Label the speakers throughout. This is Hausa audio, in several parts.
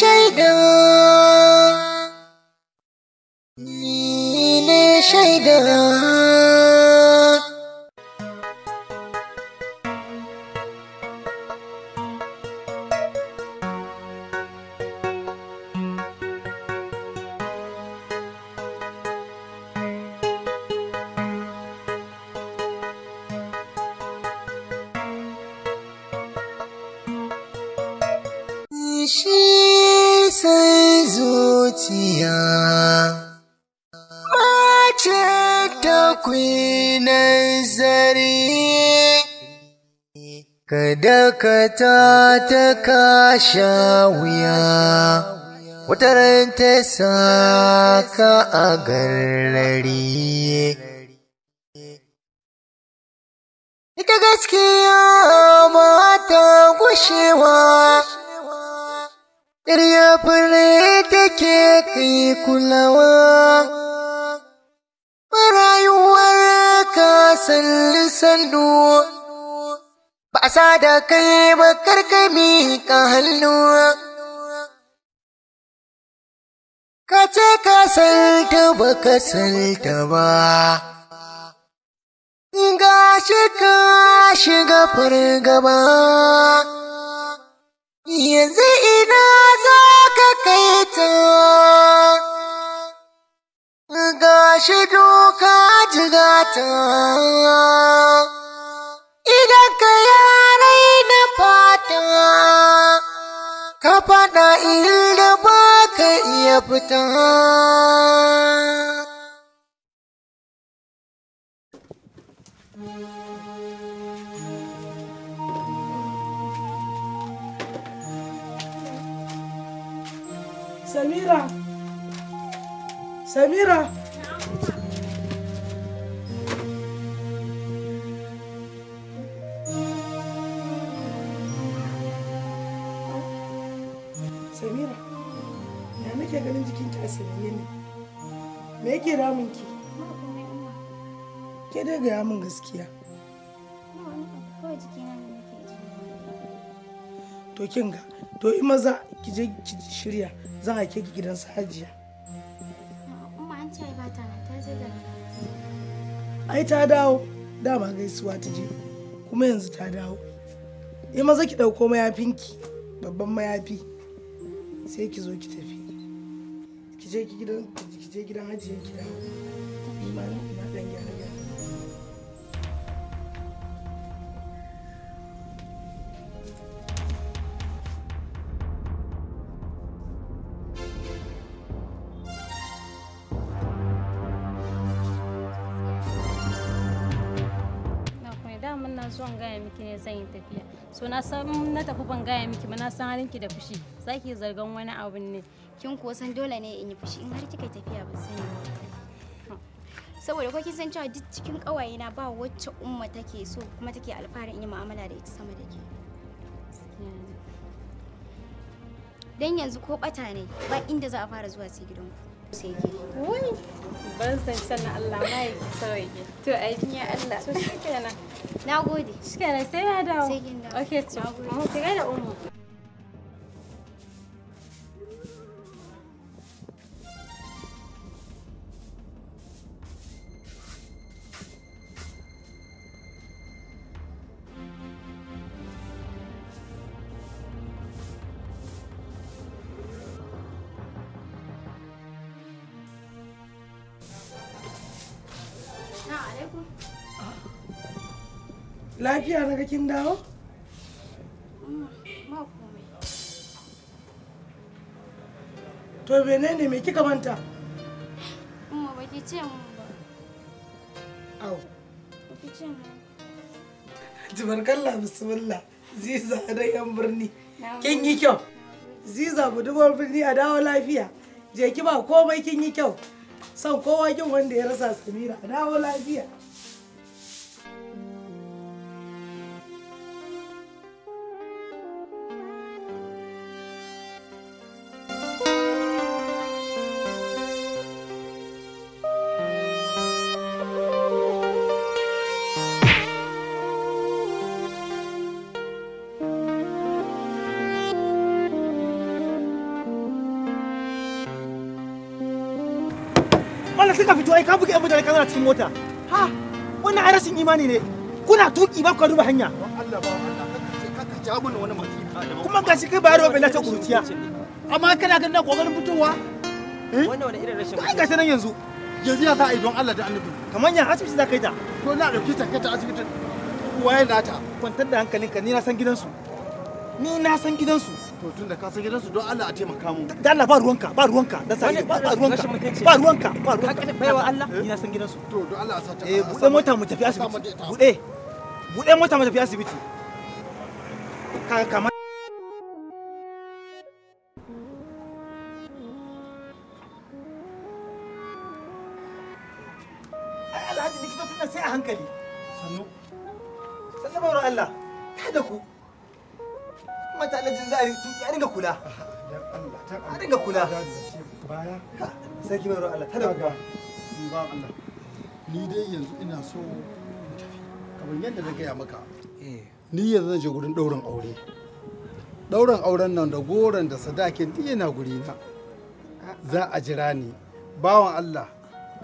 Speaker 1: shadow
Speaker 2: salli sallu ba sa da kai ba karkami ka hannu ka ce ka salta ba ka salta ba ga shi ka shiga fargaba yanzu ina za ka kai ta shi doka ta idan ka yarai na fata ka fada inda ba ka iya fita
Speaker 3: Samira Samira me yake damun ki ke dai gaya min gaskiya to kin ga to in maza ki je ki shirya zan aike ki gidan hajiya ai ta dawo dama gaisuwa ta je kuma yanzu ta dawo in maza ki ɗauko mayafinki babban mayafi sai ki zo ki tafi ki je ki gidan ki je gidan ajiye ki ma na dan gyara gyara zuwan gaya miki ne zan yi tafiya so na san na tafi ban gaya miki ba na san halinki da fushi zaki zargan wani abun ne kin kuwa san dole ne in yi fushi in har kika tafiya ban sani ba saboda ko kin san cewa duk cikin kawaye na ba wacce umma take so kuma take alfaharin in yi mu'amala da ita
Speaker 2: sama da ke dan yanzu ko bata ne ba inda za a fara zuwa sai gidan ku sai ke wai ban san sannan Allah
Speaker 4: ma ya sauye to ai ya Allah to shikenan nagode shikenan sai na dawo sai
Speaker 2: kin dawo okay to mu kai da umma
Speaker 3: Lafiya na kin dawo? To menene me kika manta?
Speaker 2: Umma baki ce mun ba.
Speaker 3: Au. Baki ce mun. bismillah. Ziza da yan birni. Kin yi kyau. Ziza budurwar birni a dawo lafiya. Je ki ba komai kin yi kyau. San kowa kin wanda ya rasa Samira a dawo lafiya.
Speaker 5: ai ka buge mutane kana cikin mota ha wannan ai rashin imani ne kuna tuki ba ku duba hanya Allah
Speaker 6: ba Allah
Speaker 5: kuma kai ba bai lace kurciya amma kana ganin na kokarin fitowa eh? wannan wani irin rashin kai gashi nan yanzu yanzu ya za a yi don Allah da annabi
Speaker 6: kamar yan asibiti za ka yi ta to na ta kai ta asibitin waye nata kwantar da hankalinka ni na san gidansu ni na san gidansu to tun da ka san gidansu don Allah a taimaka mu da
Speaker 5: Allah ba ruwanka ba ruwanka ba ruwanka ba ruwanka ba ruwanka baiwa Allah eh? ina san to don Allah a eh bude mota mu tafi asibiti bude bude mota mu tafi asibiti ka kula a dinga
Speaker 6: kula baya mai Allah tada ba Allah ni dai yanzu ina so kamar yadda na gaya maka eh. ni yanzu zan je gurin ɗaurin aure auren nan da goron da sadakin duk yana za a jira ni bawan Allah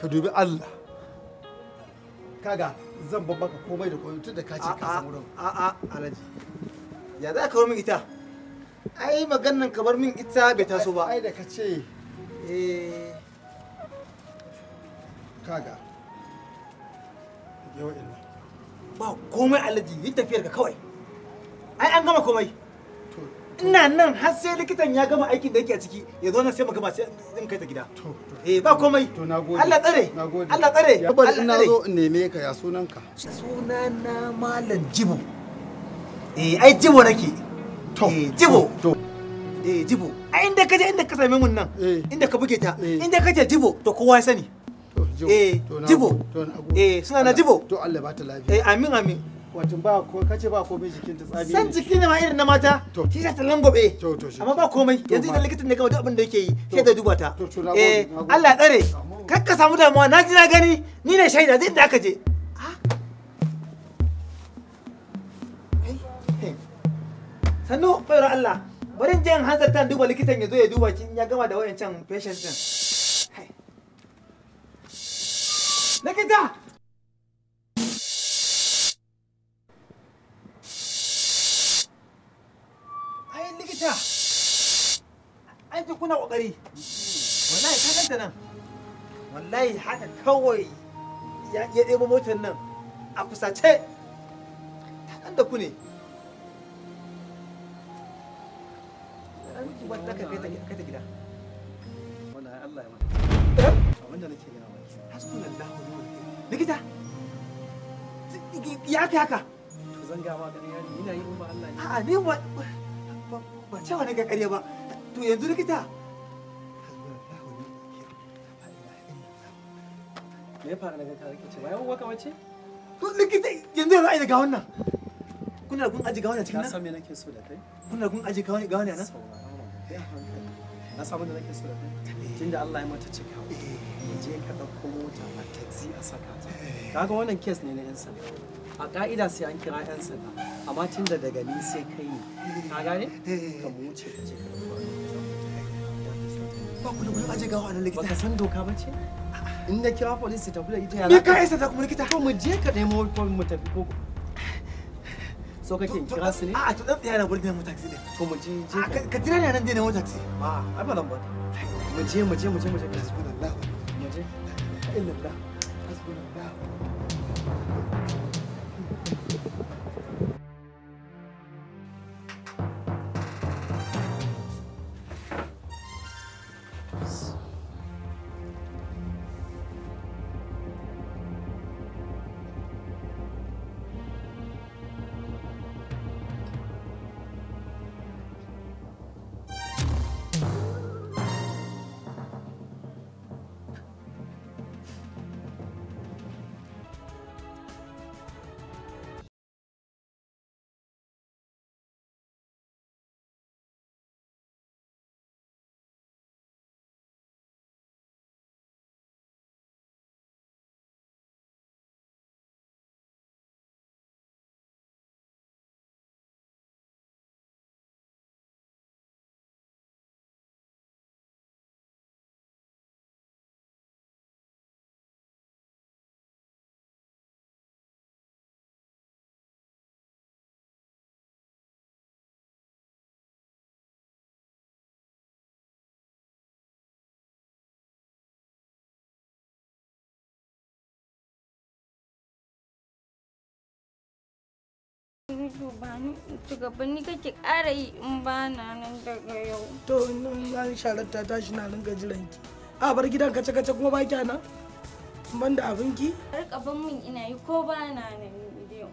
Speaker 6: ka dubi Allah kaga zan babbaka komai da tun da ka ce ka a'a
Speaker 5: ya za ka min ita ai maganin ka bar min ita bai taso ba ai da ka ce eh kaga yau ina ba komai alaji yi tafiyar ka kawai ai an gama komai ina nan har sai likitan ya gama aikin da yake a ciki ya zo nan sai mu sai in kai ta gida eh ba komai to nagode Allah tsare Allah tsare Allah ina zo
Speaker 6: in neme ka ya sunanka sunana malam jibo
Speaker 5: eh ai jibo nake Eh, jibo eh jibo a inda ka je inda ka same mun nan eh. inda ka buge ta eh. inda ka je jibo to kowa ya sani eh jibo eh suna na jibo to Allah ba ta lafiya eh amin amin wato ba ko kace ba komai jikin ta tsabi san jiki ne ma irin na mata shi ta langobe amma ba komai yanzu idan likitan ne kawai duk abin da yake yi sai da duba ta eh Allah tsare kakka samu damuwa na ji na gani ni ne shaida zai da aka je sannu bayar Allah bari in je in hanzarta duba likitan ya zo ya duba kin ya gama da wayancan patient din likita ai likita ai ji kuna kokari wallahi ka ganta nan wallahi haka kawai ya ɗebo motar nan a kusace ta da ku ne uban ta kai ta kai ta gida
Speaker 4: wallahi Allah ya mata eh? abin da nake gina maki hasbunallahu wa ni'mal likita ya kai haka to zan ma ganin yari ina yi
Speaker 5: umma Allah ne a ni ba ba cewa ne ga ƙarya ba to yanzu likita me ya faru na ganka rike ce bayan uwa kamar ce to likita yanzu ya ra'ayi daga wannan kuna da kun aji gawa ne cikin nan ka
Speaker 4: san me nake so da kai
Speaker 5: kuna da kun aji gawa ne gawa
Speaker 4: kai na samu da nake so da kai eh. tunda Allah ya mata cika eh. ya je ka dauko mota a taxi a saka ta kaga wannan kes ne na yan sanda a ka'ida sai an kira yan sanda amma tunda daga ni sai kai ne ka gane eh. ka mu wuce ka je ka ba ku da kudin aje gawa nan likita baka san doka ba ce in na kira police ta kula ita ya za ka isa ta kuma likita ko mu je ka nemo mu tafi ko so kake kira
Speaker 5: ne a to dan tsaya na gurin nemo taxi din to mu je je ka jira ni nan dai nemo taxi a ai ba nan mu je mu je mu je mu je mu
Speaker 6: je illa
Speaker 7: Ido ba ni
Speaker 3: shugabanni kake ƙara yi in ba na nan daga yau. To in na sharar ta tashi na ringa jiran ki. A bar gidan kace kace kuma ba kya nan? Ban da abin ki?
Speaker 2: Rika ban min ina yi ko ba na nan idan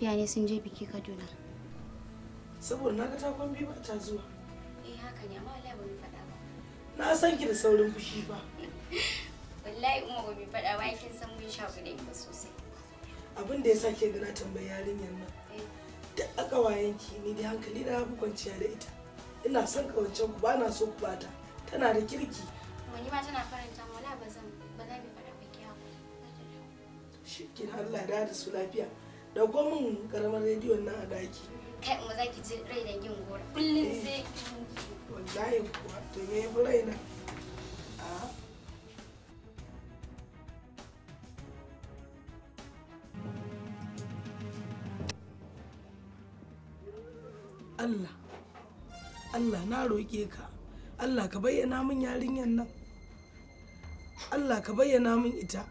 Speaker 7: tafiya ne sun je biki Kaduna.
Speaker 3: Saboda na ga takon biyu ba ta zuwa.
Speaker 7: Eh haka ne amma wallahi ba mu faɗa ba.
Speaker 3: Na san ki da saurin fushi ba.
Speaker 4: Wallahi Umma ba mu faɗa ba kin san mun
Speaker 3: sha da ita sosai. Abin da ya sake ga tambayar tambayi yarinyar nan. Eh. Da aka wayan ki ni da hankali na ku kwanciya da ita. Ina son kawancen ku ba na so ku bata. Tana da kirki.
Speaker 2: wani ma tana faranta mu wala ba zan ba za mu faɗa ba ki haƙuri.
Speaker 3: Shi kin Allah da su lafiya. kuma mun karamar rediyon nan a daki kai za ki ji rai da yin gora kullum eh. sai wallahi kuwa to me yafi rai na Allah Allah na roƙe ka Allah ka bayyana min yarinyar nan Allah ka bayyana min ita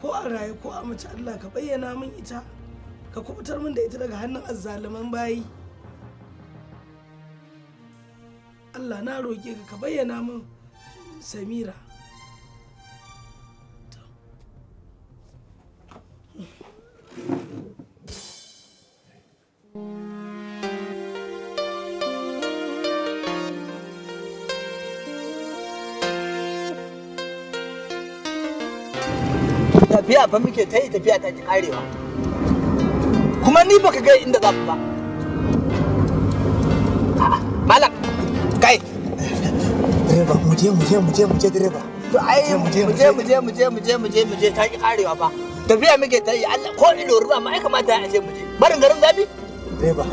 Speaker 3: ko a raye ko a mace Allah ka bayyana min ita ka kubutar min da ita daga hannun azzaluman bayi Allah na roƙe ka ka bayyana min samira
Speaker 5: tafiya fa muke ta yi tafiya ta ki karewa kuma ni baka ga inda za ba malam kai direba mu je mu je mu je mu je direba to ai mu je mu je mu je mu je mu je mu je mu je ta ki karewa fa tafiya muke ta yi Allah ko ido ruwa ma ai kamata a ce mu je barin garin zabi direba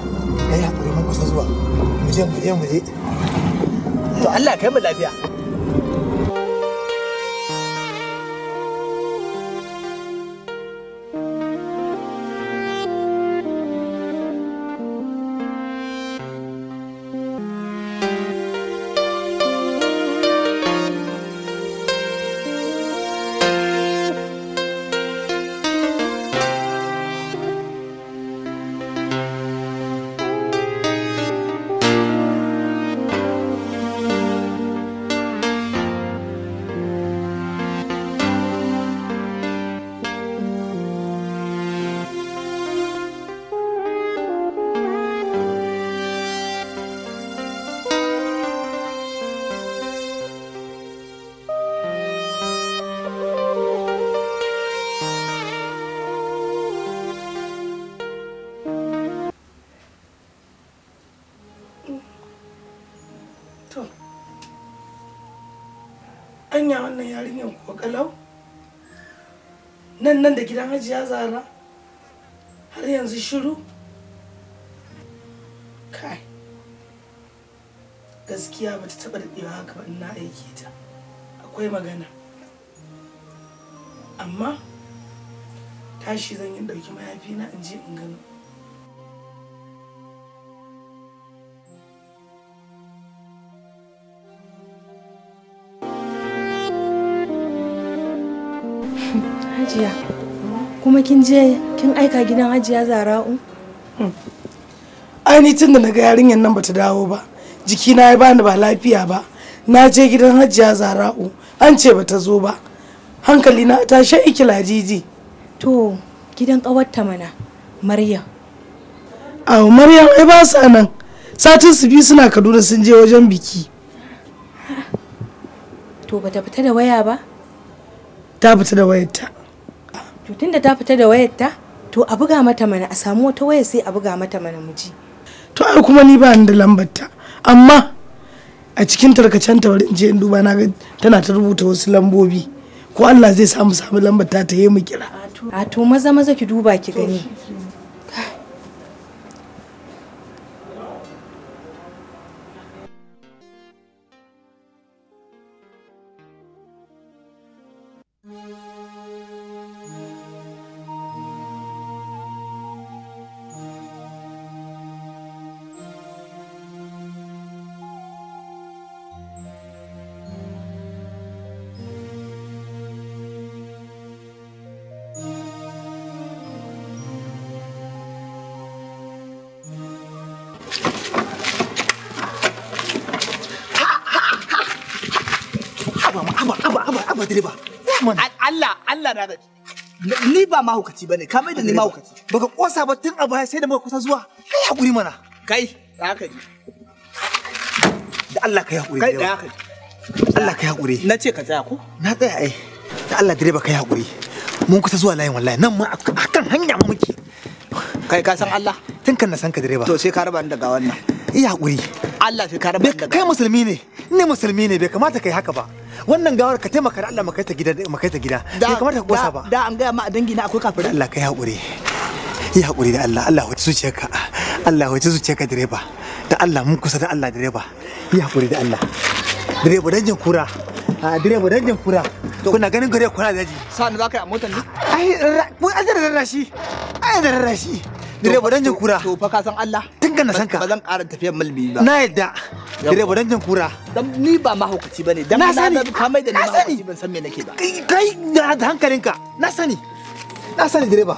Speaker 5: kai hakuri mun kusa zuwa mu je mu je mu je to Allah kai mu lafiya
Speaker 3: wannan yarinyar kuwa kalau nan nan da gidan hajiya zara har yanzu shiru kai gaskiya ba ta taɓa daɗewa haka ba ina aiki ta akwai magana amma tashi zan yi ɗauki mayafi na in je in gano Hajiya, kuma kin je kin aika gidan Hajiya Zara'u? Hmm. Ai ni tun da naga yarinyar nan bata dawo ba, jikina ya bani ba lafiya ba. Na je gidan Hajiya Zara'u, an ce bata zo ba. Hankali na ta iki ladidi. To, gidan ƙawarta mana, Maryam. Awo Maryam ai ba sa nan. Satin su biyu suna Kaduna sun je wajen biki. To bata fita da waya ba? Ta fita da wayarta. to tunda ta fita da wayar ta to a buga mata mana a samu wata waya sai a buga mata mana mu ji to ai kuma ni ba ni da lambar ta amma a cikin tarkacen ta in je in duba na tana ta rubuta wasu lambobi ko Allah zai samu samu lambar ta ta yi mu kira a to maza maza ki duba ki gani
Speaker 5: direba Allah Allah na ni ba mahaukaci bane ka mai da ni mahaukaci baka kosa ba tun a baya sai da muka kusa zuwa kai hakuri mana kai da haka yi da Allah yi hakuri kai da haka Allah yi hakuri na ce ka tsaya ko na tsaya ai da Allah direba ka yi hakuri mun kusa zuwa layin wallahi nan ma akan hanya mu muke kai ka san Allah tun kan na san ka direba to sai ka raba ni daga wannan iya hakuri Allah sai ka raba ni daga kai musulmi ne ni musulmi ne bai kamata kai haka ba wannan gawar ka taimaka da Allah maka ta gida maka ta gida bai kamar ta kosa ba da an gaya ma a dangi na akwai kafin Allah kai hakuri yi hakuri da Allah Allah wace ka Allah wace ka direba da Allah mun kusa da Allah direba yi hakuri da Allah direba danjin kura a ah, direba danjin kura kuna ganin gare kura daji sa'an za ka yi a motar ne ai ko an zarra ai zarra shi direba danjin kura to fa ka san Allah ka na san ka. Ba zan ƙara tafiyar malbi ba. Na yadda. Direba dan jin kura. Dan ni ba mahaukaci bane. Dan na sani. Ka mai da ni mahaukaci ban san me nake ba. Kai da hankalinka. Na sani. Na sani direba.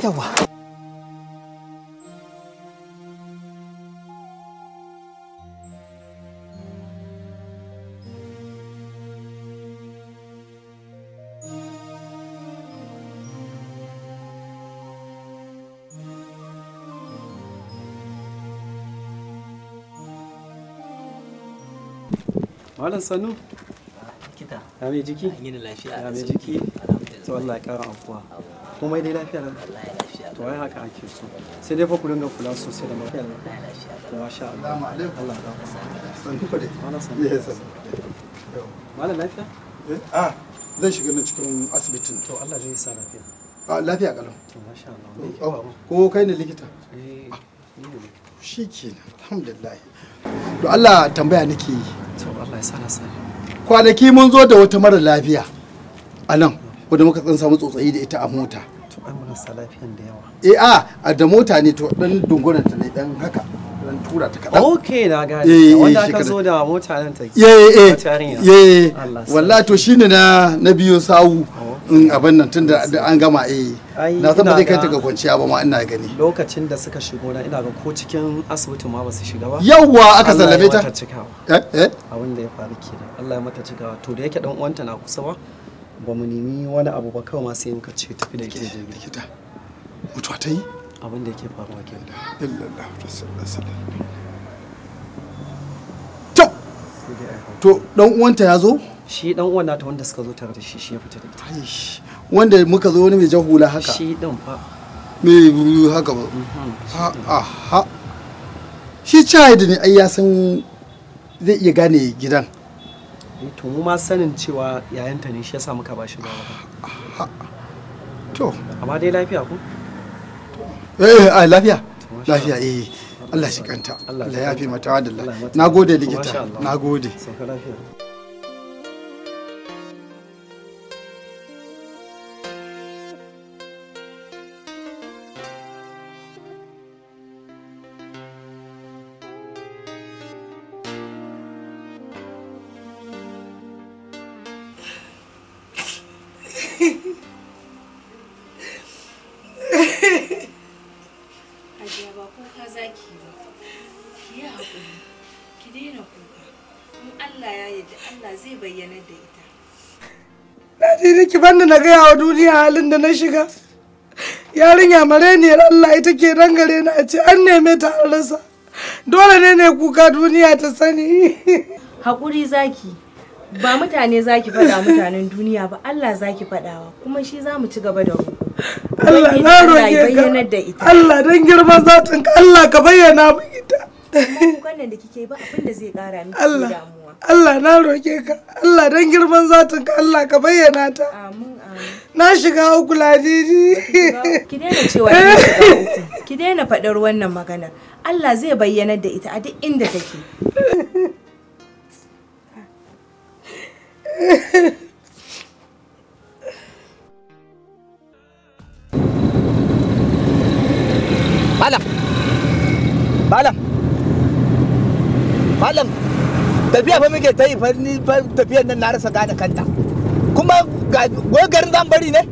Speaker 5: Yawa. Malam Sanu. Kita.
Speaker 4: Ya mai jiki? Ya mai lafiya. Ya mai jiki? To Allah ya kara afuwa. Komai dai lafiya nan. ya lafiya. To ai haka ake so. Sai dai fa ku dinga kula sosai da Allah ya lafiya. To masha Allah. Assalamu alaikum. Allah ya kara. Sanu ku dai. Malam Sanu. Yes.
Speaker 6: Malam lafiya? Eh ah zan shiga nan cikin asibitin. To Allah
Speaker 4: zai sa lafiya.
Speaker 6: Ah lafiya kalau.
Speaker 4: To masha Allah. Oh, oh,
Speaker 6: ko kai ne likita? Eh. Shi kenan. Alhamdulillah. To Allah tambaya nake yi. kwanaki mun zo da wata mara lafiya a nan wadda muka tsan samu tsotsayi da ita a mota to eh ah, a da mota ne to dan dungunan ta ne dan haka dan tura ta kaɗan. ok na gane eh, eh, eh, wanda aka zo
Speaker 4: da mota nan ta eh eh
Speaker 6: wallahi to shine na na biyu sawu in abin nan tunda an gama eh na san ba zai kai ta ga kwanciya ba ma ina gani lokacin da suka shigo na
Speaker 4: ina ga ko cikin asibitin ma ba su shiga ba yawwa aka sallame ta eh wanda eh? ya faru kenan Allah ya mata cikawa to da yake dan uwanta na kusa ba ba mu nemi wani abu ba kawai ma sai muka ce tafi da ita jirgin likita mutuwa ta yi abin da yake faruwa kenan illallah to
Speaker 6: to dan uwanta ya zo
Speaker 4: shi dan uwan nata wanda suka zo tare da shi shi ya fita da ita
Speaker 6: wanda muka zo wani mai jan hula haka shi din fa mai buru haka ba mhm. ha ha shi da ne ai ya san zai iya gane gidan
Speaker 4: eh, to mu ma sanin cewa yayanta ne shi yasa muka ba shi ba to amma dai lafiya ko
Speaker 6: eh, eh ai lafiya lafiya eh Allah shi kanta Allah ya fi mata wadalla nagode likita nagode sauka lafiya
Speaker 3: ni na gaya wa duniya halin da na shiga yarinya mareniyar Allah ita ke dangare na a ce an neme ta an rasa dole ne ne kuka duniya ta sani haƙuri zaki ba mutane zaki faɗa mutanen duniya ba Allah zaki faɗawa kuma shi za mu ci gaba da roƙo Allah na roƙe ka Allah dan girman zatin Allah ka bayyana mu ita kukan da kike ba abin da zai kara miki damuwa. Allah na roke ka Allah dan girman zatin ka Allah ka bayyana ta amin na shiga uku ladidi ki daina cewa uku. ki daina faɗar wannan maganar Allah zai bayyana da ita a duk inda take
Speaker 5: Malam! Malam! malam tafiya fa muke ta yi fa ni fa tafiyar nan na rasa gane kanta kuma gogarin zan bari ne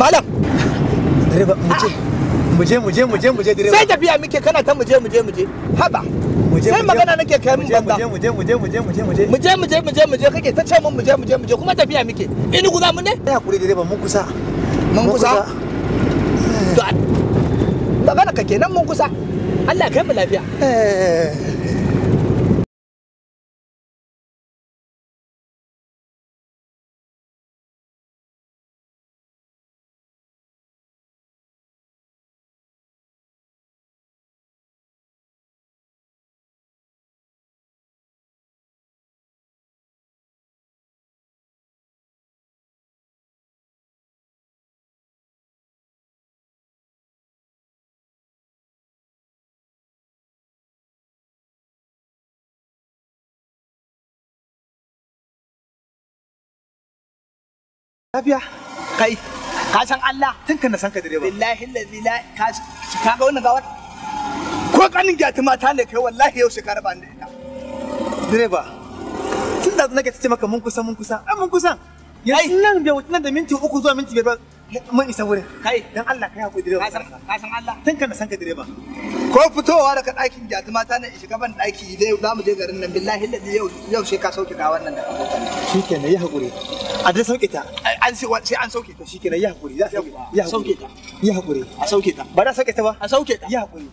Speaker 5: malam direba muje muje muje muje direba sai tafiya muke kana ta muje muje muje haba sai magana nake kai mun banda muje muje muje muje muje muje muje muje muje kake ta ce mun muje muje muje kuma tafiya muke in guza mun ne kai hakuri direba mun kusa mun kusa to magana ka kenan mun kusa Allah kai mu lafiya eh. Lafiya? Kai, ka san Allah tun kan na san ka direba. Billahi lazi la ka ka ga wannan gawar. Ko kanin ta mata ne kai wallahi yau shekara ba da Direba, tun da nake ce maka mun kusa mun kusa, ai mun kusa Yanzu nan bai wuce nan da minti uku zuwa minti biyar ba mun isa wurin kai dan Allah kai hakuri direba ka san ka san Allah tun kana san ka direba ko fitowa daga ɗakin jatuma ta nan shiga ban ɗaki da za mu je garin nan billahi ladi yau yau sai ka sauke ka wannan da shikenan yi hakuri a dai sauke ta an sai sai an sauke ta shikenan yi hakuri za sauke ta yi hakuri a sauke ta ba za sauke ta ba a sauke ta yi hakuri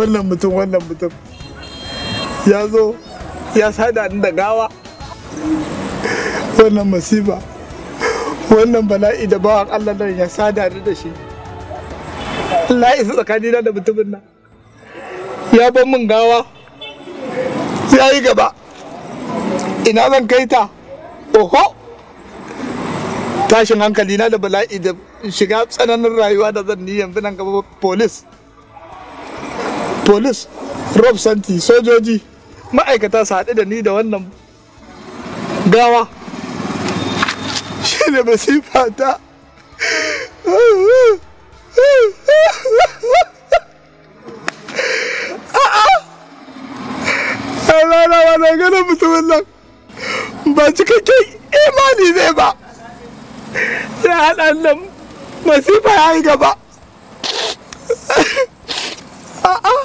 Speaker 7: wannan mutum wannan
Speaker 5: mutum ya zo ya sada ni da gawa wannan masifa wannan bala'i da bawan Allah nan ya sada ni da shi su isa tsakanina da mutumin nan ya ban min gawa ya yi gaba ina zan kai ta oho tashin hankali na da bala'i da shiga tsananin rayuwa da zan yi yanzu nan gaba polis polis rob santi sojoji ma'aikata su haɗu da ni da wannan gawa shi ne masifa ta
Speaker 2: ganin mutumin nan ba
Speaker 5: cikakken imani masifa ya yi gaba a'a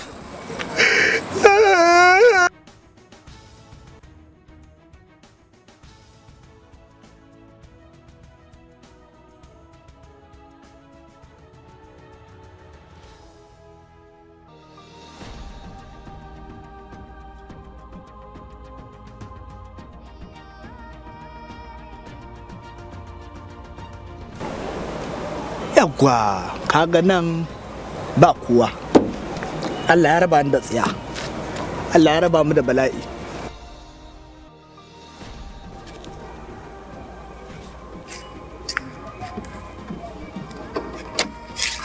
Speaker 5: kaga nan ba kuwa allah ya raba ni da tsiya Allah ya raba mu da bala'i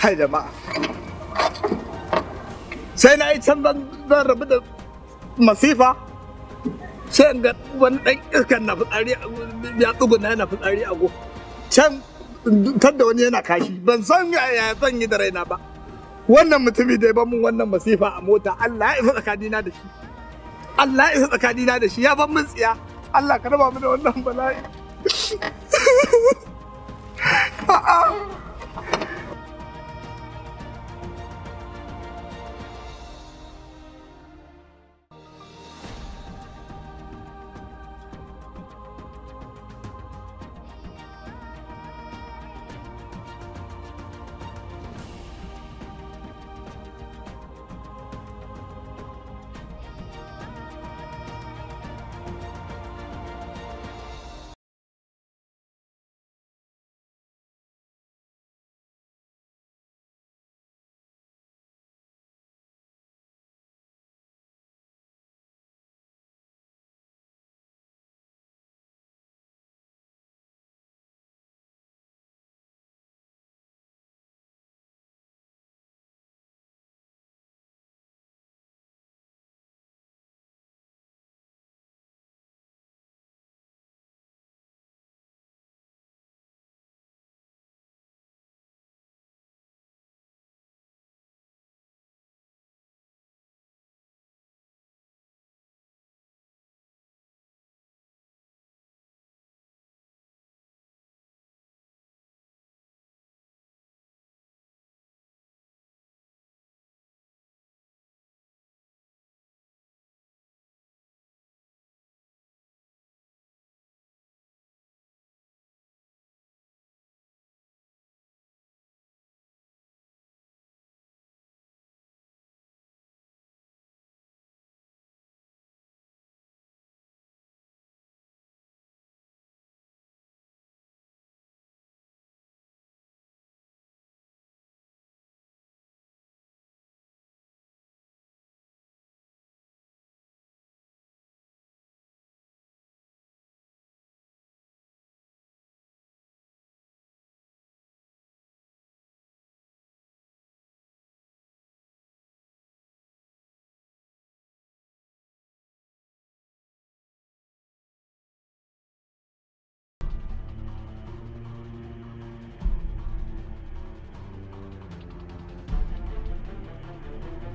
Speaker 5: hai jama'a sai na yi can zan rabu da masifa sai ga wani ɗan iskan na fitsari ya tsuguna yana fitsari a go can tadda wani yana kashi ban san yaya zan yi da raina ba wannan mutumi da ya ban min wannan masifa a mota Allah ya isa tsakanina da shi Allah ya isa tsakanina da shi ya ban min tsiya Allah ka raba mu da wannan bala'i a'a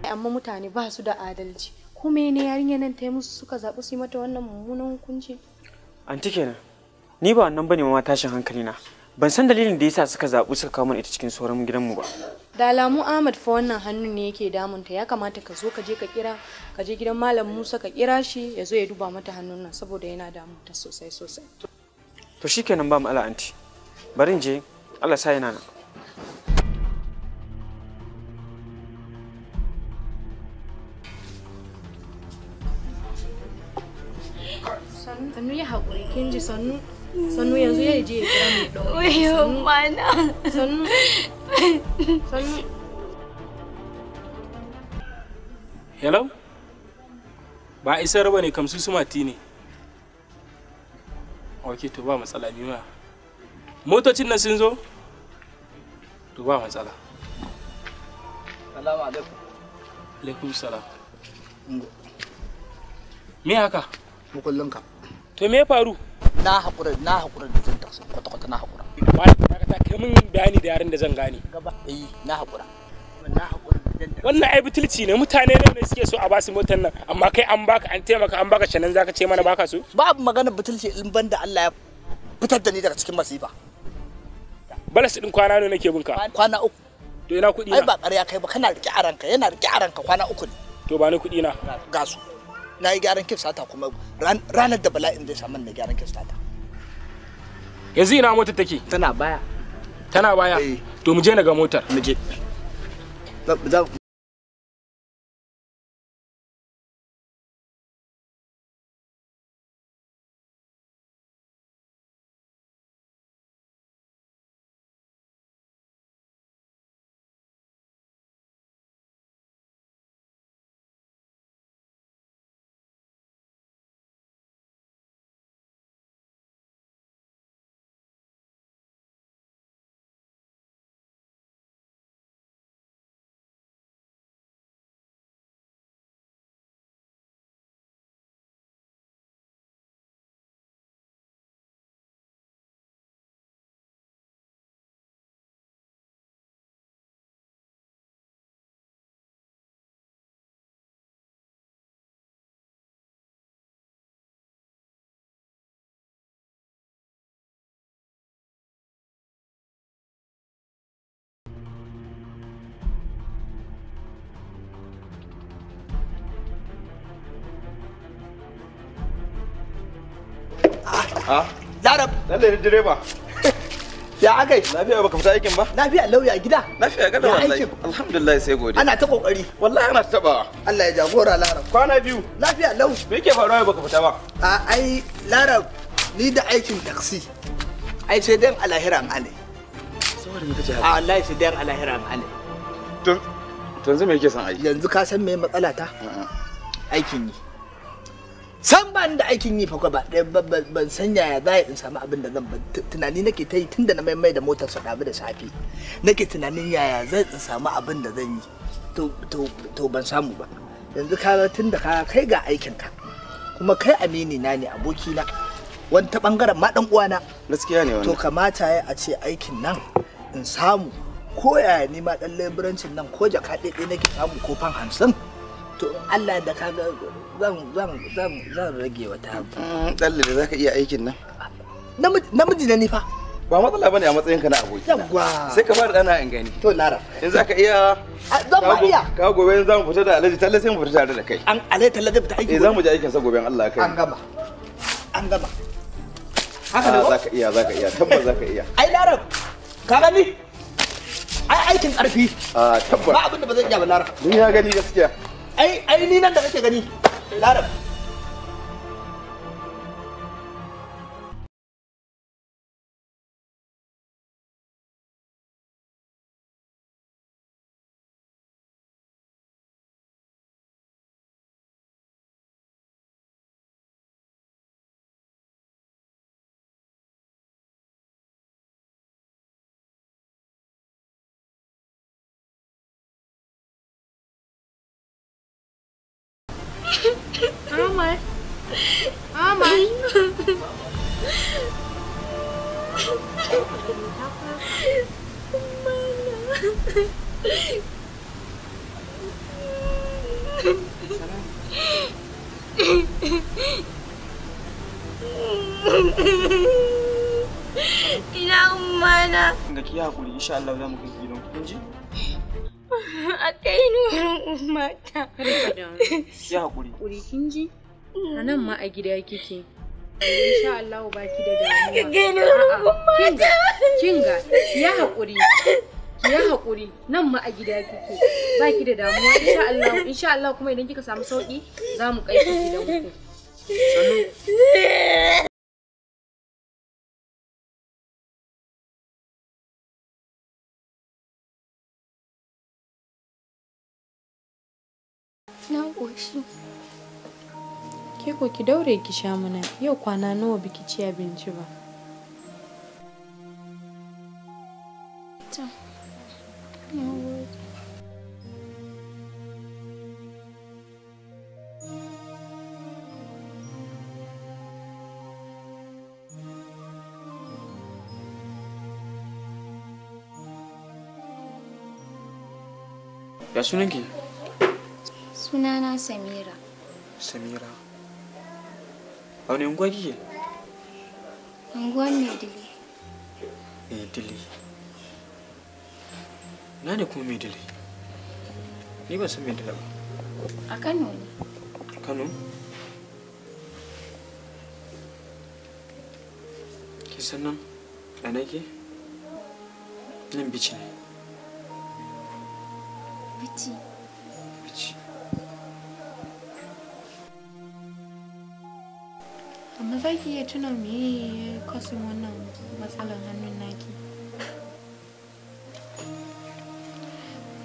Speaker 2: amma mutane ba su da adalci ko ne yarinya nan ta yi musu suka zaɓi su yi mata wannan mummunan hukunci
Speaker 5: anti kenan ni ba wannan bane ma tashin hankali na ban san dalilin da yasa suka zaɓi suka kawo mana ita cikin sauran gidanmu ba
Speaker 2: da alamu ahmad fa wannan hannun ne yake damunta ya kamata ka zo ka je ka kira ka je gidan malam musa ka kira shi ya zo ya duba mata hannun nan saboda yana damunta sosai sosai
Speaker 6: to shikenan ba mu ala anti bari allah sa yana nan
Speaker 2: sannu ya haƙuri kin ji sannu sannu yanzu ya je ya
Speaker 6: kira
Speaker 2: sannu
Speaker 3: sannu
Speaker 6: hello ba ne kamsu su ne ok to ba matsala ni ma motocin nan sun zo to ba matsala
Speaker 2: salamu alaikum alaikum salam
Speaker 6: me haka mukullin ka to me ya faru
Speaker 5: na haƙura na haƙura da zan tausayi kwata kwata na haƙura ba ka ta kai min bayani da yaran da zan gane gaba eh na haƙura na haƙura wannan ai butulci ne mutane ne suke so a basu motar nan amma kai an baka an taimaka an baka canan zaka ce mana baka so babu magana butulci in banda Allah ya fitar da ni daga cikin masifa balas din kwana ne nake binka kwana uku to ina kuɗi na ai ba ƙarya kai ba kana rike aranka yana rike aranka kwana uku ne to ba ni kuɗi na ga su na yi gyaran kif sata kuma ranar da bala'in zai samu na gyaran kif sata
Speaker 3: yanzu ina motar take tana baya tana baya eh. to mu je na ga motar mu je
Speaker 5: zarab lalle direba ya akai lafiya baka fita aikin ba lafiya lauya gida lafiya gada wallahi alhamdulillah sai godiya ana ta kokari wallahi ana taba Allah ya jagora larab kwana biyu lafiya lau me yake faruwa baka fita ba a ai larab ni da aikin taksi ai sai dan alahira ale
Speaker 6: saboda me kace haka a
Speaker 5: wallahi sai dan alahira ale to to yanzu me yake son aiki yanzu ka san me matsala ta aikin yi san ban da aikin yi fa ba ban san yaya za in samu abin da zan tunani nake ta yi tunda na mai mai da motar sa da safe nake tunanin yaya zan in samu abin da zan yi to to to ban samu ba yanzu ka tunda da ka kai ga aikin ka kuma kai amini na ne abokina wani ta bangaren ma dan uwana gaskiya ne wannan to kamata ya a ce aikin nan in samu ko yaya ni ma dan leburancin nan ko jaka ne nake samu ko fan hamsin to Allah da ga. zan zan zan zan rage wata mm, dalle da zaka iya aikin nan namiji ne ni fa ba matsala bane a matsayin ka na aboki yawa sai ka fara dana in gani to lara in zaka iya zan ba iya ka gobe in zamu fita da Alhaji Talle sai mu fita tare da kai an Alhaji Talle zai fita aiki eh zamu je aikin sa gobe Allah kai an gama an gama haka ne ah, zaka iya zaka iya tabbas zaka iya ai lara ka gani ai aikin karfi a ah, tabbas ba abin da ba zan iya ba lara ni na gani gaskiya ai ai ni nan da kake gani Claro. ji?
Speaker 2: A kai ni wurin umata. Ya haƙuri. Kuri kin ji? A nan ma a gida kike. Insha Allah ba ki da damuwa. gani kai ni wurin umata. Kinga, ya haƙuri. Ya haƙuri, nan ma a gida kike. Ba ki da damuwa. Insha Allah, insha Allah kuma idan kika samu sauƙi za mu kai ki gidan ku.
Speaker 7: Sannu. shi
Speaker 2: ke ko ki daure ki sha mana yau kwana nawa biki ci abinci ba Ya sunan ki? Sunana Samira.
Speaker 6: Samira. A wani unguwa kike?
Speaker 3: Unguwar Maidili.
Speaker 5: Maidili. Na ne kuma Maidili? Ni ban san Maidili ba.
Speaker 3: A Kano ne.
Speaker 6: Kano? Ki san nan? A ke? Nan bici ne.
Speaker 2: Bici. za ki iya tuna me kwasin wannan matsalar hannun naki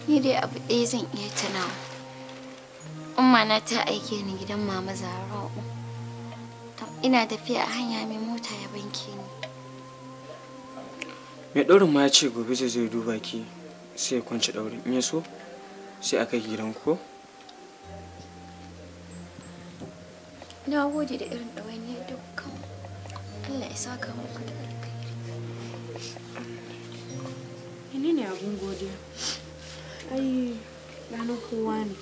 Speaker 3: ni dai abu ɗaya zan iya tuna umma na ta
Speaker 4: aike ni gidan mama zara'u ina tafiya a hanya mai mota ya
Speaker 5: banke ni mai ɗaurin ma ya ce gobe zai duba ki sai ya kwanci ɗaurin in ya so sai a gidan ko
Speaker 2: na gode da irin ɗawainiyar dukkan Allah ya saka muku da alkhairi menene abin godiya ai ranar kowa ne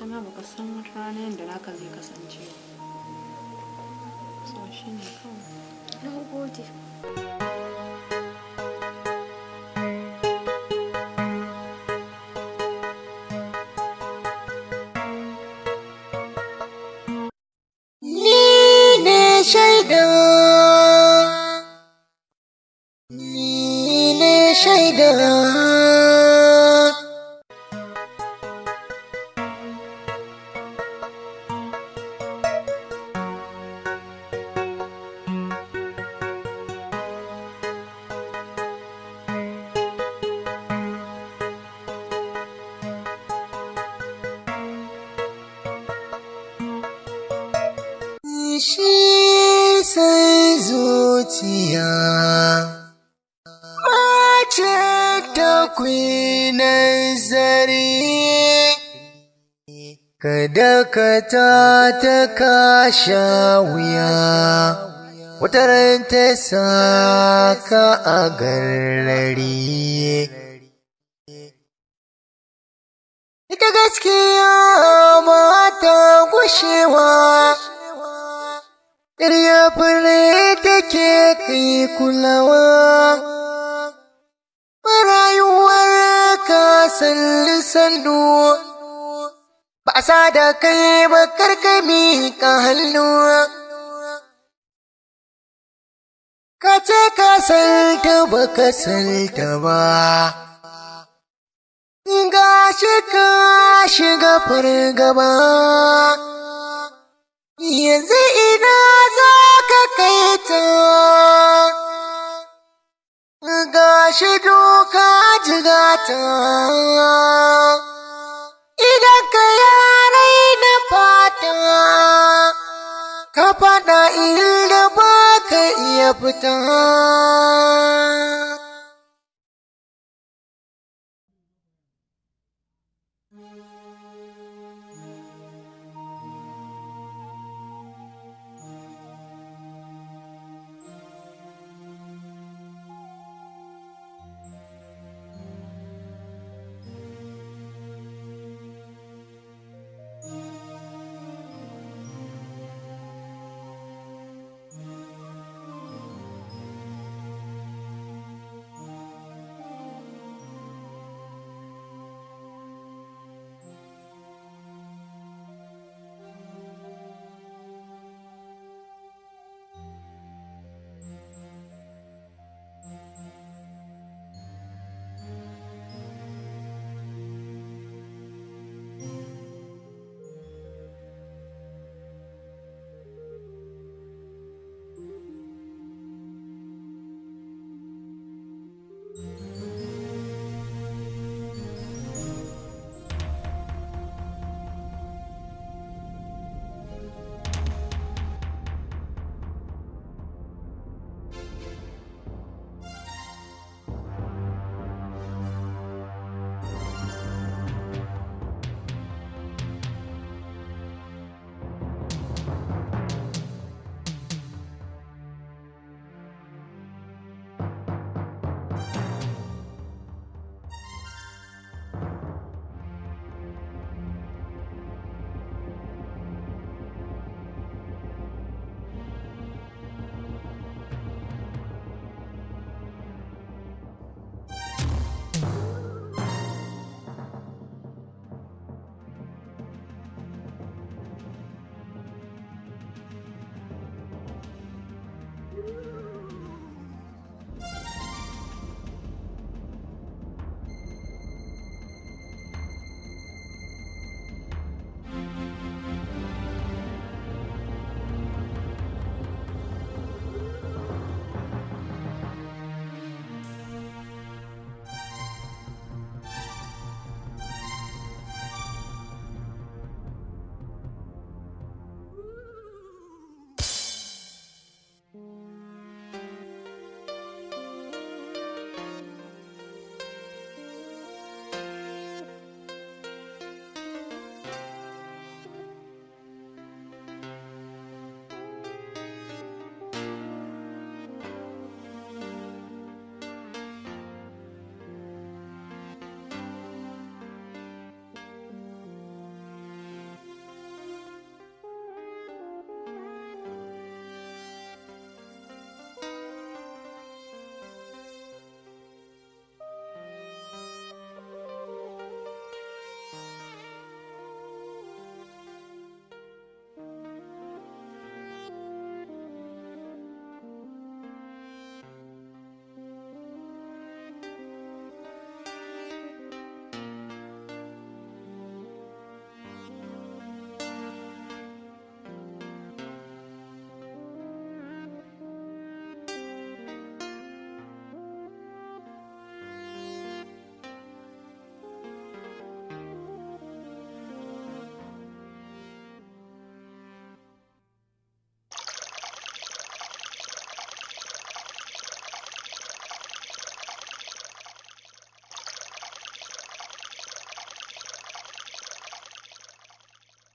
Speaker 2: kana baka san wata rana yadda naka zai kasance
Speaker 1: shi ne kawai
Speaker 7: na gode
Speaker 1: shaitan
Speaker 2: siya. Mace ta nazari, kada ka ta ta kasha wuya. Wata ta saka ka a garlari. ƙarya fure take kai kulawa. Rayuwar ka sallu-sallu, ba sa da kai ba karkami ka hannu. Ka ce ka salta ba ka salta ba. Ga shi ka shiga fargaba. yanzu ina za ka kai ta Ga shi doka ta? idan ka yarai na fata ka faɗa inda ba ka iya fita